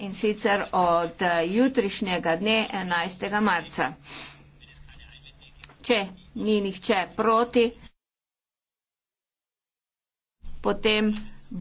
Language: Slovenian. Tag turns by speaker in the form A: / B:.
A: in sicer od eh, jutrišnjega dne 11. marca. Če ni nihče proti,
B: potem